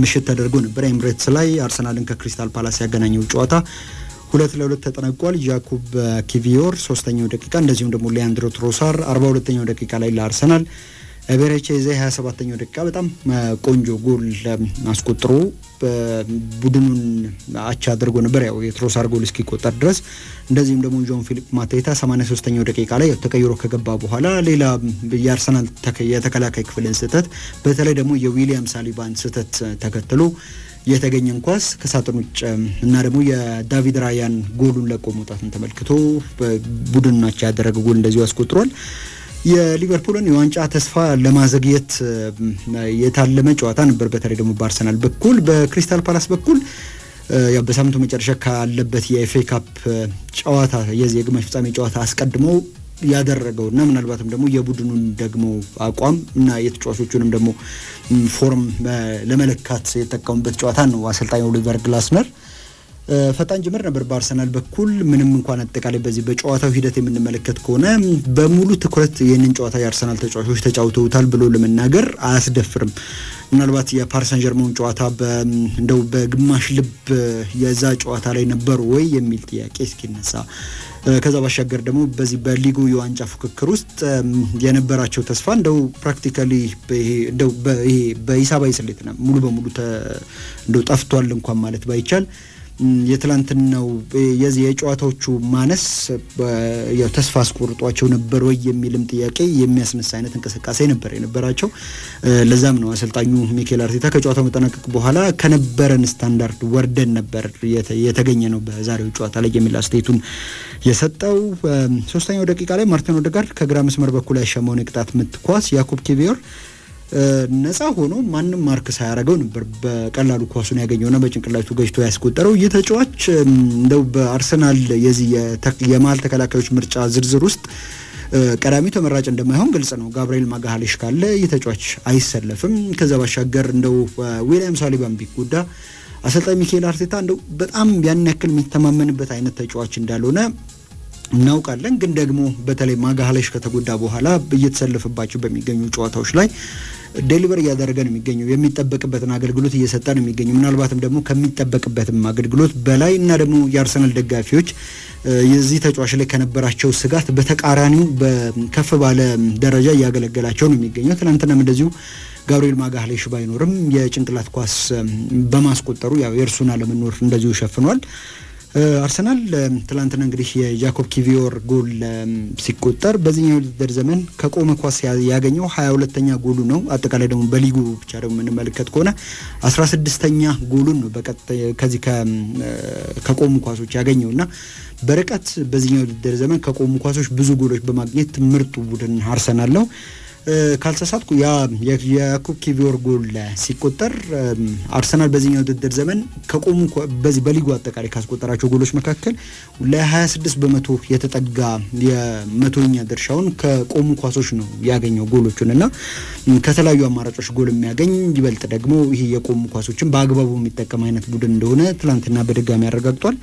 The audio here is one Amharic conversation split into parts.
ምሽት ተደርጎ ነበር። ኤምሬትስ ላይ አርሰናልን ከክሪስታል ፓላስ ያገናኘው ጨዋታ ሁለት ለሁለት ተጠናቋል። ጃኩብ ኪቪዮር ሶስተኛው ደቂቃ እንደዚሁም ደግሞ ሊያንድሮ ትሮሳር አርባ ሁለተኛው ደቂቃ ላይ ለአርሰናል ቤሬቼዜ 27ኛው ደቂቃ በጣም ቆንጆ ጎል አስቆጥሮ ቡድኑን አቻ አድርጎ ነበር፣ ያው የትሮሳር ጎል እስኪቆጠር ድረስ። እንደዚሁም ደግሞ ጆን ፊሊፕ ማቴታ 83ኛው ደቂቃ ላይ ተቀይሮ ከገባ በኋላ ሌላ የአርሰናል የተከላካይ ክፍልን ስህተት በተለይ ደግሞ የዊሊያም ሳሊባን ስህተት ተከትሎ የተገኘን ኳስ ከሳጥን ውጭ እና ደግሞ የዳቪድ ራያን ጎሉን ለቆ መውጣትን ተመልክቶ ቡድኑን አቻ ያደረገ ጎል እንደዚሁ አስቆጥሯል። የሊቨርፑልን የዋንጫ ተስፋ ለማዘግየት የታለመ ጨዋታ ነበር። በተለይ ደግሞ በአርሰናል በኩል በክሪስታል ፓላስ በኩል ያው በሳምንቱ መጨረሻ ካለበት የኤፍኤ ካፕ ጨዋታ የዚህ የግማሽ ፍጻሜ ጨዋታ አስቀድሞ ያደረገው እና ምናልባትም ደግሞ የቡድኑን ደግሞ አቋም እና የተጫዋቾቹንም ደግሞ ፎርም ለመለካት የተጠቀሙበት ጨዋታ ነው አሰልጣኝ ኦሊቨር ግላስነር ፈጣን ጅምር ነበር በአርሰናል በኩል ምንም እንኳን አጠቃላይ በዚህ በጨዋታው ሂደት የምንመለከት ከሆነ በሙሉ ትኩረት ይህንን ጨዋታ የአርሰናል ተጫዋቾች ተጫውተውታል ብሎ ለመናገር አያስደፍርም። ምናልባት የፓሪሰን ጀርመን ጨዋታ እንደው በግማሽ ልብ የዛ ጨዋታ ላይ ነበሩ ወይ የሚል ጥያቄ እስኪነሳ ከዛ ባሻገር ደግሞ በዚህ በሊጉ የዋንጫ ፉክክር ውስጥ የነበራቸው ተስፋ እንደው ፕራክቲካሊ እንደው በሂሳባዊ ስሌት ሙሉ በሙሉ እንደው ጠፍቷል እንኳን ማለት ባይቻል የትላንትናው የዚህ የጨዋታዎቹ ማነስ ተስፋ አስቆርጧቸው ነበር ወይ የሚልም ጥያቄ የሚያስነሳ አይነት እንቅስቃሴ ነበር የነበራቸው። ለዛም ነው አሰልጣኙ ሚኬል አርቴታ ከጨዋታው መጠናቀቅ በኋላ ከነበረን ስታንዳርድ ወርደን ነበር የተገኘ ነው በዛሬው ጨዋታ ላይ የሚል አስተያየቱን የሰጠው። ሶስተኛው ደቂቃ ላይ ማርቲን ኦደጋርድ ከግራ መስመር በኩል ያሸመውን የቅጣት ምት ኳስ ያኩብ ኪቪዮር ነፃ ሆኖ ማንም ማርክ ሳያደርገው ነበር በቀላሉ ኳሱን ያገኘውና በጭንቅላቱ ገጭቶ ያስቆጠረው። ይህ ተጫዋች እንደው በአርሰናል የዚህ የመሀል ተከላካዮች ምርጫ ዝርዝር ውስጥ ቀዳሚ ተመራጭ እንደማይሆን ግልጽ ነው። ጋብርኤል ማጋሃሌሽ ካለ ይህ ተጫዋች አይሰለፍም። ከዛ ባሻገር እንደው ዊሊያም ሳሊባን ቢጎዳ አሰልጣኝ ሚካኤል አርቴታ እንደው በጣም ያን ያክል የሚተማመንበት አይነት ተጫዋች እንዳልሆነ እናውቃለን ግን ደግሞ በተለይ ማጋሃለሽ ከተጎዳ በኋላ እየተሰለፈባቸው በሚገኙ ጨዋታዎች ላይ ዴሊቨር እያደረገ ነው የሚገኘው። የሚጠበቅበትን አገልግሎት እየሰጠ ነው የሚገኘው። ምናልባትም ደግሞ ከሚጠበቅበትም አገልግሎት በላይ እና ደግሞ የአርሰናል ደጋፊዎች የዚህ ተጫዋች ላይ ከነበራቸው ስጋት በተቃራኒው በከፍ ባለ ደረጃ እያገለገላቸው ነው የሚገኘው። ትናንትናም እንደዚሁ ጋብሪኤል ማጋሌሽ ባይኖርም የጭንቅላት ኳስ በማስቆጠሩ ያው የእርሱን አለመኖር እንደዚሁ ሸፍኗል። አርሰናል ትላንትና እንግዲህ የጃኮብ ኪቪዮር ጎል ሲቆጠር በዚህኛው የውድድር ዘመን ከቆመ ኳስ ያገኘው ሀያ ሁለተኛ ጎሉ ነው። አጠቃላይ ደግሞ በሊጉ ብቻ ደግሞ የምንመለከት ከሆነ አስራ ስድስተኛ ጎሉን ነው ከዚህ ከቆሙ ኳሶች ያገኘው እና በርቀት በዚህኛው ውድድር ዘመን ከቆሙ ኳሶች ብዙ ጎሎች በማግኘት ምርጡ ቡድን አርሰናል ነው። ካልተሳትኩ ያ የያኩብ ኪቪዮር ጎል ሲቆጠር አርሰናል በዚህኛው ውድድር ዘመን ከቆሙ በዚህ በሊጉ አጠቃላይ ካስቆጠራቸው ጎሎች መካከል ለ26 በመቶ የተጠጋ የመቶኛ ድርሻውን ከቆሙ ኳሶች ነው ያገኘው ጎሎቹን እና ከተለያዩ አማራጮች ጎል የሚያገኝ ይበልጥ ደግሞ ይሄ የቆሙ ኳሶችን በአግባቡ የሚጠቀም አይነት ቡድን እንደሆነ ትናንትና በድጋሚ አረጋግጧል።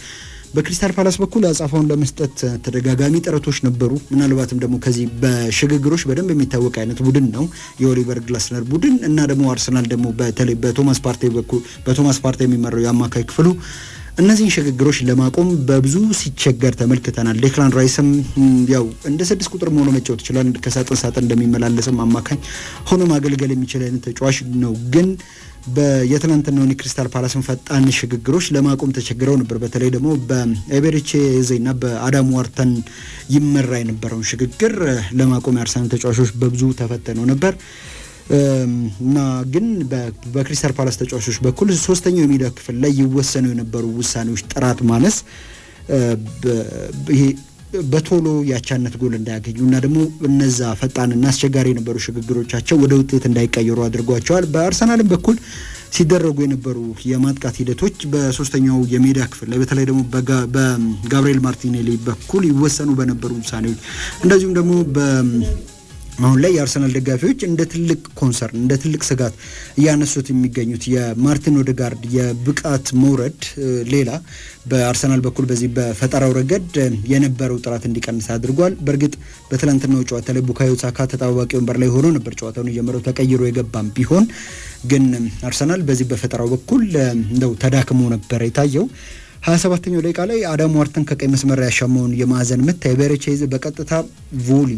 በክሪስታል ፓላስ በኩል አጻፋውን ለመስጠት ተደጋጋሚ ጥረቶች ነበሩ። ምናልባትም ደግሞ ከዚህ በሽግግሮች በደንብ የሚታወቅ አይነት ቡድን ነው የኦሊቨር ግላስነር ቡድን እና ደግሞ አርሰናል ደግሞ በተለይ በቶማስ ፓርቴ በኩል በቶማስ ፓርቴ የሚመራው የአማካይ ክፍሉ እነዚህን ሽግግሮች ለማቆም በብዙ ሲቸገር ተመልክተናል። ዴክላን ራይስም ያው እንደ ስድስት ቁጥር መሆኑ መጫወት ይችላል። ከሳጥን ሳጥን እንደሚመላለስም አማካኝ ሆኖ ማገልገል የሚችል አይነት ተጫዋች ነው ግን የትናንትናውን የክሪስታል ፓላስን ፈጣን ሽግግሮች ለማቆም ተቸግረው ነበር። በተለይ ደግሞ በኤቤሬቼ ዜና በአዳም ዋርተን ይመራ የነበረውን ሽግግር ለማቆም የአርሰናል ተጫዋቾች በብዙ ተፈተነው ነበር። እና ግን በክሪስታል ፓላስ ተጫዋቾች በኩል ሶስተኛው የሜዳ ክፍል ላይ ይወሰኑ የነበሩ ውሳኔዎች ጥራት ማነስ በቶሎ ያቻነት ጎል እንዳያገኙ እና ደግሞ እነዛ ፈጣንና አስቸጋሪ የነበሩ ሽግግሮቻቸው ወደ ውጤት እንዳይቀየሩ አድርጓቸዋል። በአርሰናልም በኩል ሲደረጉ የነበሩ የማጥቃት ሂደቶች በሶስተኛው የሜዳ ክፍል ላይ በተለይ ደግሞ በጋብርኤል ማርቲኔሊ በኩል ይወሰኑ በነበሩ ውሳኔዎች እንደዚሁም ደግሞ አሁን ላይ የአርሰናል ደጋፊዎች እንደ ትልቅ ኮንሰርን እንደ ትልቅ ስጋት እያነሱት የሚገኙት የማርቲን ኦደጋርድ የብቃት መውረድ፣ ሌላ በአርሰናል በኩል በዚህ በፈጠራው ረገድ የነበረው ጥራት እንዲቀንስ አድርጓል። በእርግጥ በትላንትናው ጨዋታ ላይ ቡካዮ ሳካ ተጣባቂ ወንበር ላይ ሆኖ ነበር ጨዋታውን የጀመረው ተቀይሮ የገባም ቢሆን ግን አርሰናል በዚህ በፈጠራው በኩል እንደው ተዳክሞ ነበር የታየው። 27ኛው ደቂቃ ላይ አዳም ዋርተን ከቀይ መስመር ያሻማውን የማዕዘን ምት የቤሬቼዝ በቀጥታ ቮሊ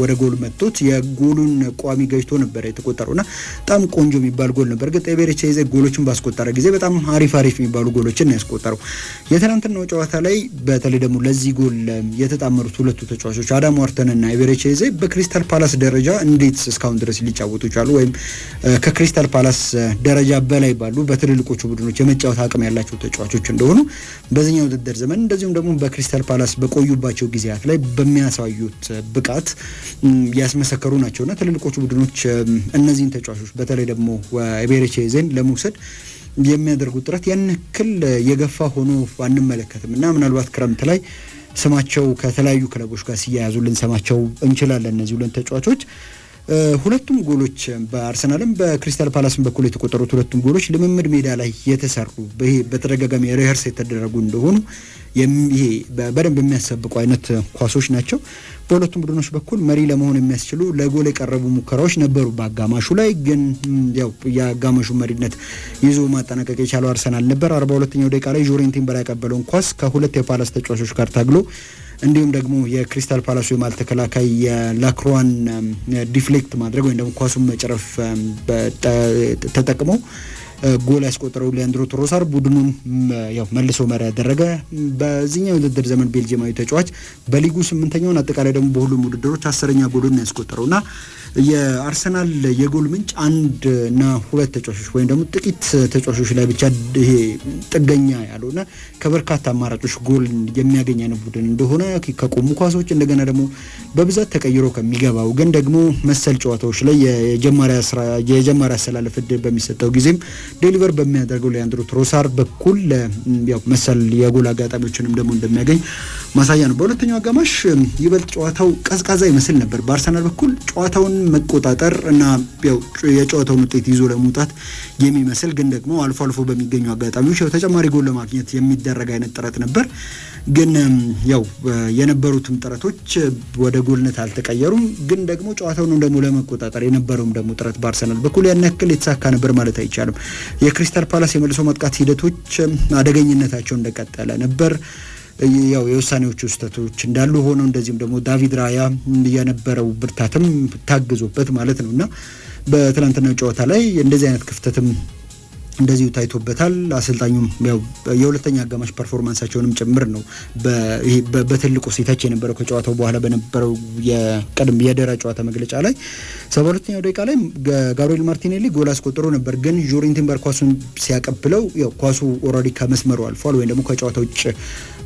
ወደ ጎል መጥቶት የጎሉን ቋሚ ገጅቶ ነበር የተቆጠረውና በጣም ቆንጆ የሚባል ጎል ነበር። ግን የቤሬቼዝ ጎሎችን ባስቆጠረ ጊዜ በጣም አሪፍ አሪፍ የሚባሉ ጎሎችን ያስቆጠረው። የትናንትናው ጨዋታ ላይ በተለይ ደግሞ ለዚህ ጎል የተጣመሩት ሁለቱ ተጫዋቾች አዳም ዋርተን እና የቤሬቼዝ በክሪስታል ፓላስ ደረጃ እንዴት እስካሁን ድረስ ሊጫወቱ ይቻሉ ወይም ከክሪስታል ፓላስ ደረጃ በላይ ባሉ በትልልቆቹ ቡድኖች የመጫወት አቅም ያላቸው ተጫዋቾች እንደሆኑ ሲሆኑ በዚህኛው ውድድር ዘመን እንደዚሁም ደግሞ በክሪስታል ፓላስ በቆዩባቸው ጊዜያት ላይ በሚያሳዩት ብቃት ያስመሰከሩ እና ትልልቆቹ ቡድኖች እነዚህን ተጫዋቾች በተለይ ደግሞ ኤቤሬቺዜን ለመውሰድ የሚያደርጉት ጥረት ያን ያክል የገፋ ሆኖ አንመለከትም እና ምናልባት ክረምት ላይ ስማቸው ከተለያዩ ክለቦች ጋር ሲያያዙ ልንሰማቸው እንችላለን እነዚህ ሁለት ተጫዋቾች ሁለቱም ጎሎች በአርሰናልም በክሪስታል ፓላስም በኩል የተቆጠሩት ሁለቱም ጎሎች ልምምድ ሜዳ ላይ የተሰሩ በተደጋጋሚ ሪሄርስ የተደረጉ እንደሆኑ ይሄ በደንብ የሚያሰብቁ አይነት ኳሶች ናቸው። በሁለቱም ቡድኖች በኩል መሪ ለመሆን የሚያስችሉ ለጎል የቀረቡ ሙከራዎች ነበሩ በአጋማሹ ላይ ግን ያው የአጋማሹ መሪነት ይዞ ማጠናቀቅ የቻለው አርሰናል ነበር። አርባ ሁለተኛው ደቂቃ ላይ ጆሬንቲን በላይ ያቀበለውን ኳስ ከሁለት የፓላስ ተጫዋቾች ጋር ታግሎ እንዲሁም ደግሞ የክሪስታል ፓላሱ የማል ተከላካይ የላክሮዋን ዲፍሌክት ማድረግ ወይም ደግሞ ኳሱን መጨረፍ ተጠቅሞ ጎል ያስቆጠረው ሊያንድሮ ትሮሳር ቡድኑን ያው መልሶ መሪ ያደረገ በዚህኛው የውድድር ዘመን ቤልጅማዊ ተጫዋች በሊጉ ስምንተኛውን አጠቃላይ ደግሞ በሁሉም ውድድሮች አስረኛ ጎሉን ያስቆጠረውና የአርሰናል የጎል ምንጭ አንድ እና ሁለት ተጫዋቾች ወይም ደግሞ ጥቂት ተጫዋቾች ላይ ብቻ ይሄ ጥገኛ ያልሆነ ከበርካታ አማራጮች ጎል የሚያገኝ አይነት ቡድን እንደሆነ ከቆሙ ኳሶች እንደገና ደግሞ በብዛት ተቀይሮ ከሚገባው ግን ደግሞ መሰል ጨዋታዎች ላይ የጀማሪ አሰላለፍ እድል በሚሰጠው ጊዜም ዴሊቨር በሚያደርገው ሊያንድሮ ትሮሳር በኩል መሰል የጎል አጋጣሚዎችንም ደግሞ እንደሚያገኝ ማሳያ ነው። በሁለተኛው አጋማሽ ይበልጥ ጨዋታው ቀዝቃዛ ይመስል ነበር። በአርሰናል በኩል ጨዋታውን መቆጣጠር እና የጨዋታውን ውጤት ይዞ ለመውጣት የሚመስል ግን ደግሞ አልፎ አልፎ በሚገኙ አጋጣሚዎች ያው ተጨማሪ ጎል ለማግኘት የሚደረግ አይነት ጥረት ነበር። ግን ያው የነበሩትም ጥረቶች ወደ ጎልነት አልተቀየሩም። ግን ደግሞ ጨዋታውን ደግሞ ለመቆጣጠር የነበረውም ደግሞ ጥረት በአርሰናል በኩል ያን ያክል የተሳካ ነበር ማለት አይቻልም። የክሪስታል ፓላስ የመልሶ ማጥቃት ሂደቶች አደገኝነታቸው እንደቀጠለ ነበር። ያው የውሳኔዎቹ ስህተቶች እንዳሉ ሆነው እንደዚህም ደግሞ ዳቪድ ራያ የነበረው ብርታትም ታግዞበት ማለት ነው እና በትናንትናው ጨዋታ ላይ እንደዚህ አይነት ክፍተትም እንደዚሁ ታይቶበታል። አሰልጣኙም የሁለተኛ አጋማሽ ፐርፎርማንሳቸውንም ጭምር ነው በትልቁ ሲታች የነበረው ከጨዋታው በኋላ በነበረው የቀድም የደራ ጨዋታ መግለጫ ላይ ሰባ ሁለተኛው ደቂቃ ላይ ጋብሪኤል ማርቲኔሊ ጎል አስቆጥሮ ነበር። ግን ጁሪን ቲምበር ኳሱን ሲያቀብለው ኳሱ ኦልሬዲ ከመስመሩ አልፏል ወይም ደግሞ ከጨዋታ ውጭ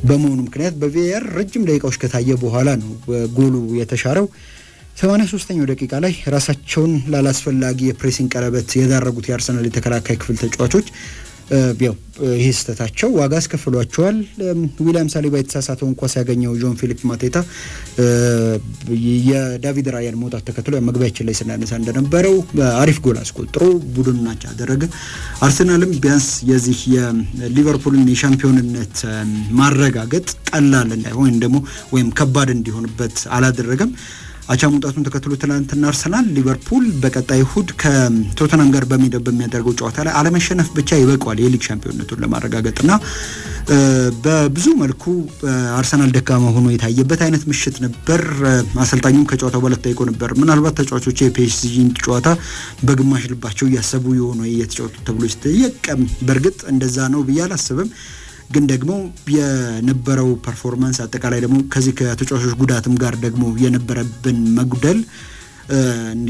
በመሆኑ ምክንያት በቪኤአር ረጅም ደቂቃዎች ከታየ በኋላ ነው ጎሉ የተሻረው። ሰማንያ ሶስተኛው ደቂቃ ላይ ራሳቸውን ላላስፈላጊ የፕሬሲንግ ቀለበት የዳረጉት የአርሰናል የተከላካይ ክፍል ተጫዋቾች ያው ይህ ስህተታቸው ዋጋ አስከፍሏቸዋል። ዊሊያም ሳሊባ የተሳሳተውን ኳስ ያገኘው ጆን ፊሊፕ ማቴታ የዳቪድ ራያን መውጣት ተከትሎ መግቢያችን ላይ ስናነሳ እንደነበረው አሪፍ ጎል አስቆጥሮ ቡድኑን አቻ አደረገ። አርሰናልም ቢያንስ የዚህ የሊቨርፑልን የሻምፒዮንነት ማረጋገጥ ቀላል እንዳይሆን ወይም ደግሞ ወይም ከባድ እንዲሆንበት አላደረገም። አቻ መውጣቱን ተከትሎ ትናንትና አርሰናል ሊቨርፑል በቀጣይ እሁድ ከቶተናም ጋር በሚያደርገው ጨዋታ ላይ አለመሸነፍ ብቻ ይበቋል የሊግ ሻምፒዮንነቱን ለማረጋገጥና በብዙ መልኩ አርሰናል ደካማ ሆኖ የታየበት አይነት ምሽት ነበር። አሰልጣኙም ከጨዋታው በለት ጠይቆ ነበር። ምናልባት ተጫዋቾች የፒኤስጂን ጨዋታ በግማሽ ልባቸው እያሰቡ የሆነ የተጫወቱ ተብሎ ሲጠየቅ በእርግጥ እንደዛ ነው ብዬ አላስብም ግን ደግሞ የነበረው ፐርፎርማንስ አጠቃላይ ደግሞ ከዚህ ከተጫዋቾች ጉዳትም ጋር ደግሞ የነበረብን መጉደል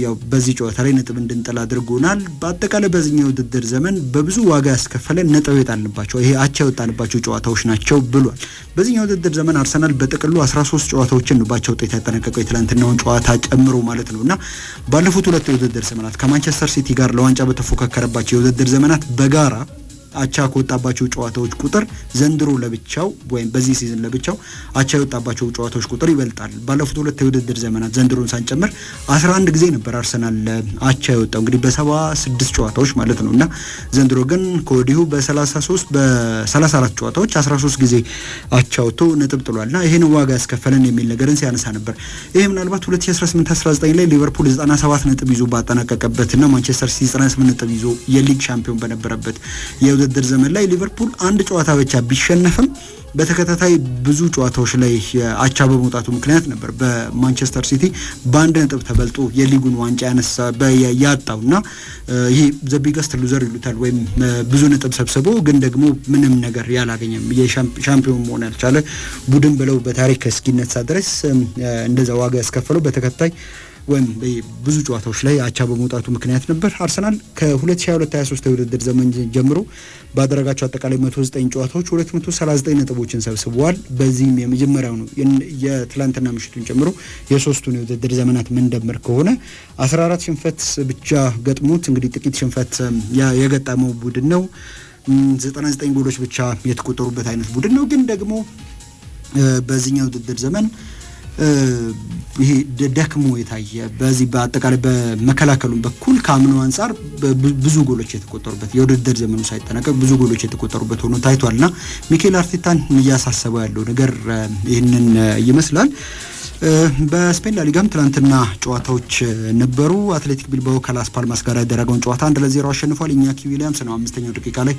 ያው በዚህ ጨዋታ ላይ ነጥብ እንድንጥል አድርጎናል። በአጠቃላይ በዚህኛው ውድድር ዘመን በብዙ ዋጋ ያስከፈለ ነጥብ የጣልንባቸው ይሄ አቻ የወጣንባቸው ጨዋታዎች ናቸው ብሏል። በዚህኛው ውድድር ዘመን አርሰናል በጥቅሉ 13 ጨዋታዎችን ነው ውጤት ያጠናቀቀው የትላንትናውን ጨዋታ ጨምሮ ማለት ነው እና ባለፉት ሁለት የውድድር ዘመናት ከማንቸስተር ሲቲ ጋር ለዋንጫ በተፎካከረባቸው የውድድር ዘመናት በጋራ አቻ ከወጣባቸው ጨዋታዎች ቁጥር ዘንድሮ ለብቻው ወይም በዚህ ሲዝን ለብቻው አቻ የወጣባቸው ጨዋታዎች ቁጥር ይበልጣል። ባለፉት ሁለት የውድድር ዘመናት ዘንድሮን ሳንጨምር 11 ጊዜ ነበር አርሰናል አቻ የወጣው እንግዲህ በ76 ጨዋታዎች ማለት ነው እና ዘንድሮ ግን ከወዲሁ በ33 በ34 ጨዋታዎች 13 ጊዜ አቻ ወጥቶ ነጥብ ጥሏል እና ይህን ዋጋ ያስከፈለን የሚል ነገርን ሲያነሳ ነበር። ይህ ምናልባት 2018/19 ላይ ሊቨርፑል 97 ነጥብ ይዞ ባጠናቀቀበት እና ማንቸስተር ሲቲ 98 ነጥብ ይዞ የሊግ ሻምፒዮን በነበረበት የውድድር ዘመን ላይ ሊቨርፑል አንድ ጨዋታ ብቻ ቢሸነፍም በተከታታይ ብዙ ጨዋታዎች ላይ አቻ በመውጣቱ ምክንያት ነበር በማንቸስተር ሲቲ በአንድ ነጥብ ተበልጦ የሊጉን ዋንጫ ያነሳ ያጣው እና ይህ ዘቢገስት ሉዘር ይሉታል። ወይም ብዙ ነጥብ ሰብስቦ ግን ደግሞ ምንም ነገር ያላገኘም የሻምፒዮን መሆን ያልቻለ ቡድን ብለው በታሪክ እስኪነሳ ድረስ እንደዛ ዋጋ ያስከፈለው በተከታይ ወይም ብዙ ጨዋታዎች ላይ አቻ በመውጣቱ ምክንያት ነበር። አርሰናል ከ2022/23 የውድድር ዘመን ጀምሮ ባደረጋቸው አጠቃላይ 109 ጨዋታዎች 239 ነጥቦችን ሰብስበዋል። በዚህም የመጀመሪያው ነው የትላንትና ምሽቱን ጨምሮ የሶስቱን የውድድር ዘመናት ምንደምር ከሆነ 14 ሽንፈት ብቻ ገጥሞት እንግዲህ ጥቂት ሽንፈት የገጠመው ቡድን ነው። 99 ጎሎች ብቻ የተቆጠሩበት አይነት ቡድን ነው። ግን ደግሞ በዚህኛው ውድድር ዘመን ይሄ ደክሞ የታየ በዚህ በአጠቃላይ በመከላከሉ በኩል ከአምኖ አንጻር ብዙ ጎሎች የተቆጠሩበት የውድድር ዘመኑ ሳይጠናቀቅ ብዙ ጎሎች የተቆጠሩበት ሆኖ ታይቷልና ሚኬል አርቴታን እያሳሰበው ያለው ነገር ይህንን ይመስላል። በስፔን ላሊጋም ትናንትና ጨዋታዎች ነበሩ። አትሌቲክ ቢልባኦ ከላስ ፓልማስ ጋር ያደረገውን ጨዋታ አንድ ለዜሮ አሸንፏል። ኢኛኪ ዊሊያምስ ነው አምስተኛው ደቂቃ ላይ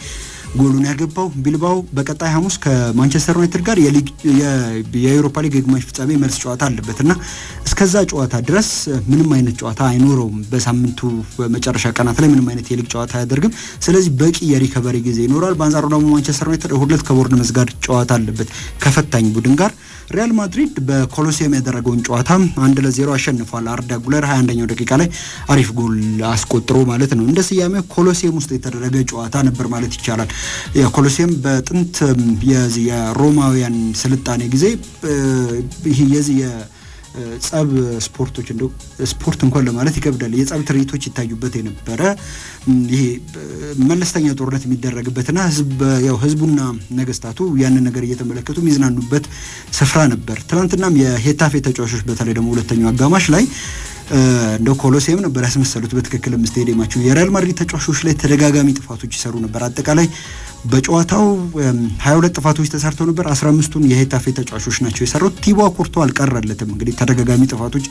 ጎሉን ያገባው። ቢልባኦ በቀጣይ ሐሙስ ከማንቸስተር ዩናይትድ ጋር የአውሮፓ ሊግ የግማሽ ፍጻሜ መልስ ጨዋታ አለበት እስከዛ ጨዋታ ድረስ ምንም አይነት ጨዋታ አይኖረውም። በሳምንቱ መጨረሻ ቀናት ላይ ምንም አይነት የሊግ ጨዋታ አያደርግም። ስለዚህ በቂ የሪከቨሪ ጊዜ ይኖራል። በአንጻሩ ደግሞ ማንቸስተር ዩናይትድ እሁድ ዕለት ከቦርንመዝ ጋር ጨዋታ አለበት ከፈታኝ ቡድን ጋር። ሪያል ማድሪድ በኮሎሲየም ያደረገውን ጨዋታ አንድ ለዜሮ አሸንፏል። አርዳ ጉለር 21ኛው ደቂቃ ላይ አሪፍ ጎል አስቆጥሮ ማለት ነው። እንደ ስያሜ ኮሎሴም ውስጥ የተደረገ ጨዋታ ነበር ማለት ይቻላል። ኮሎሴም በጥንት የሮማውያን ስልጣኔ ጊዜ ይህ የዚህ ጸብ ስፖርቶች እንደ ስፖርት እንኳን ለማለት ይከብዳል። የጸብ ትርኢቶች ይታዩበት የነበረ ይሄ መለስተኛ ጦርነት የሚደረግበትና ያው ህዝቡና ነገስታቱ ያንን ነገር እየተመለከቱ የሚዝናኑበት ስፍራ ነበር። ትናንትናም የሄታፌ ተጫዋቾች በተለይ ደግሞ ሁለተኛው አጋማሽ ላይ እንደ ኮሎሴም ነበር ያስመሰሉት በትክክልም ስቴዲየማቸው የሪያል ማድሪድ ተጫዋቾች ላይ ተደጋጋሚ ጥፋቶች ይሰሩ ነበር አጠቃላይ በጨዋታው 22 ጥፋቶች ተሰርተው ነበር። 15ቱን የሄታፌ ተጫዋቾች ናቸው የሰሩት። ቲቦ ኩርቶ አልቀረለትም። እንግዲህ ተደጋጋሚ ጥፋቶች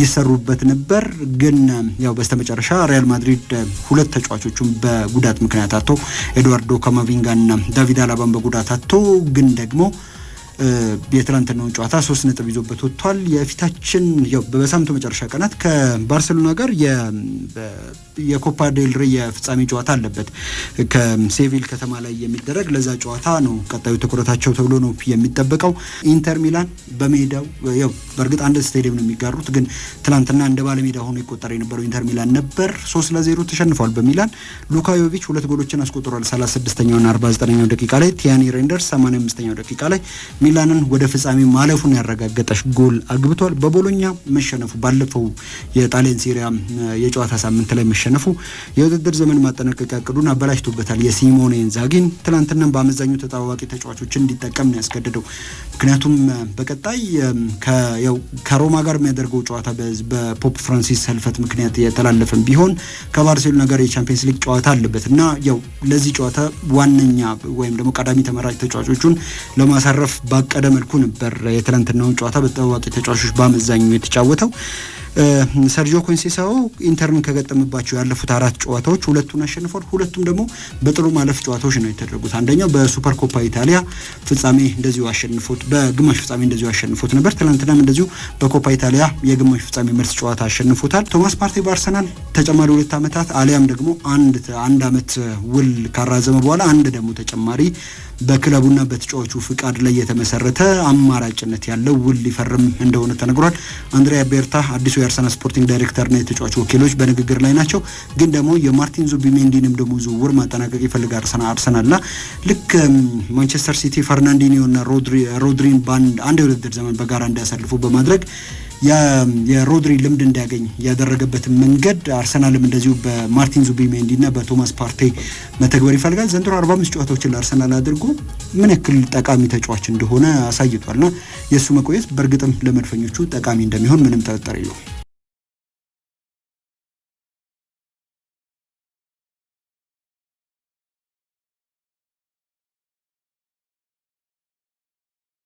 ይሰሩበት ነበር፣ ግን ያው በስተመጨረሻ ሪያል ማድሪድ ሁለት ተጫዋቾቹን በጉዳት ምክንያት አቶ ኤድዋርዶ ካማቪንጋና ዳቪድ አላባን በጉዳት አቶ ግን ደግሞ የትላንትናውን ጨዋታ ሶስት ነጥብ ይዞበት ወጥቷል። የፊታችን በሳምንቱ መጨረሻ ቀናት ከባርሴሎና ጋር የኮፓ ዴል የፍጻሜ ጨዋታ አለበት ከሴቪል ከተማ ላይ የሚደረግ ለዛ ጨዋታ ነው ቀጣዩ ትኩረታቸው ተብሎ ነው የሚጠበቀው። ኢንተር ሚላን በሜዳው ያው በእርግጥ አንድ ስቴዲየም ነው የሚጋሩት፣ ግን ትላንትና እንደ ባለሜዳ ሆኖ ይቆጠር የነበረው ኢንተር ሚላን ነበር። ሶስት ለዜሮ ተሸንፏል በሚላን ሉካ ዮቪች ሁለት ጎሎችን አስቆጥሯል። 36ኛውና 49ኛው ደቂቃ ላይ ቲያኒ ሬንደርስ 85ኛው ደቂቃ ላይ ሚላንን ወደ ፍጻሜ ማለፉን ያረጋገጠች ጎል አግብቷል። በቦሎኛ መሸነፉ ባለፈው የጣሊያን ሴሪያ የጨዋታ ሳምንት ላይ መሸነፉ የውድድር ዘመን ማጠናቀቂያ እቅዱን አበላሽቶበታል። የሲሞኔ ኢንዛጊን ትላንትናም በአመዛኙ ተጠባባቂ ተጫዋቾችን እንዲጠቀም ነው ያስገደደው። ምክንያቱም በቀጣይ ከሮማ ጋር የሚያደርገው ጨዋታ በፖፕ ፍራንሲስ ህልፈት ምክንያት የተላለፈም ቢሆን ከባርሴሎና ጋር የቻምፒየንስ ሊግ ጨዋታ አለበት እና ያው ለዚህ ጨዋታ ዋነኛ ወይም ደግሞ ቀዳሚ ተመራጭ ተጫዋቾቹን ለማሳረፍ ባቀደ መልኩ ነበር የትናንትናውን ጨዋታ በተዋጣ ተጫዋቾች በአመዛኙ የተጫወተው። ሰርጆ ኮንሴሳኦ ኢንተርን ከገጠምባቸው ያለፉት አራት ጨዋታዎች ሁለቱን አሸንፏል። ሁለቱም ደግሞ በጥሩ ማለፍ ጨዋታዎች ነው የተደረጉት። አንደኛው በሱፐር ኮፓ ኢታሊያ ፍጻሜ እንደዚሁ አሸንፎት በግማሽ ፍጻሜ እንደዚሁ አሸንፎት ነበር። ትናንትናም እንደዚሁ በኮፓ ኢታሊያ የግማሽ ፍጻሜ መልስ ጨዋታ አሸንፎታል። ቶማስ ፓርቴ በአርሰናል ተጨማሪ ሁለት ዓመታት አሊያም ደግሞ አንድ አንድ ዓመት ውል ካራዘመ በኋላ አንድ ደግሞ ተጨማሪ በክለቡና በተጫዋቹ ፍቃድ ላይ የተመሰረተ አማራጭነት ያለው ውል ሊፈርም እንደሆነ ተነግሯል። አንድሪያ ቤርታ አዲሱ የወቅቱ የአርሰናል ስፖርቲንግ ዳይሬክተርና የተጫዋች ወኪሎች በንግግር ላይ ናቸው። ግን ደግሞ የማርቲን ዙቢሜንዲንም ደግሞ ዝውውር ማጠናቀቅ ይፈልጋል አርሰናልና ልክ ማንቸስተር ሲቲ ፈርናንዲኒዮና ሮድሪን አንድ የውድድር ዘመን በጋራ እንዲያሳልፉ በማድረግ የሮድሪ ልምድ እንዲያገኝ ያደረገበት መንገድ አርሰናልም እንደዚሁ በማርቲን ዙቢሜንዲና በቶማስ ፓርቴ መተግበር ይፈልጋል። ዘንድሮ 45 ጨዋታዎችን ለአርሰናል አድርጎ ምን ያክል ጠቃሚ ተጫዋች እንደሆነ አሳይቷልና የእሱ መቆየት በእርግጥም ለመድፈኞቹ ጠቃሚ እንደሚሆን ምንም ጥርጥር የለውም።